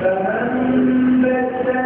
فمن بدل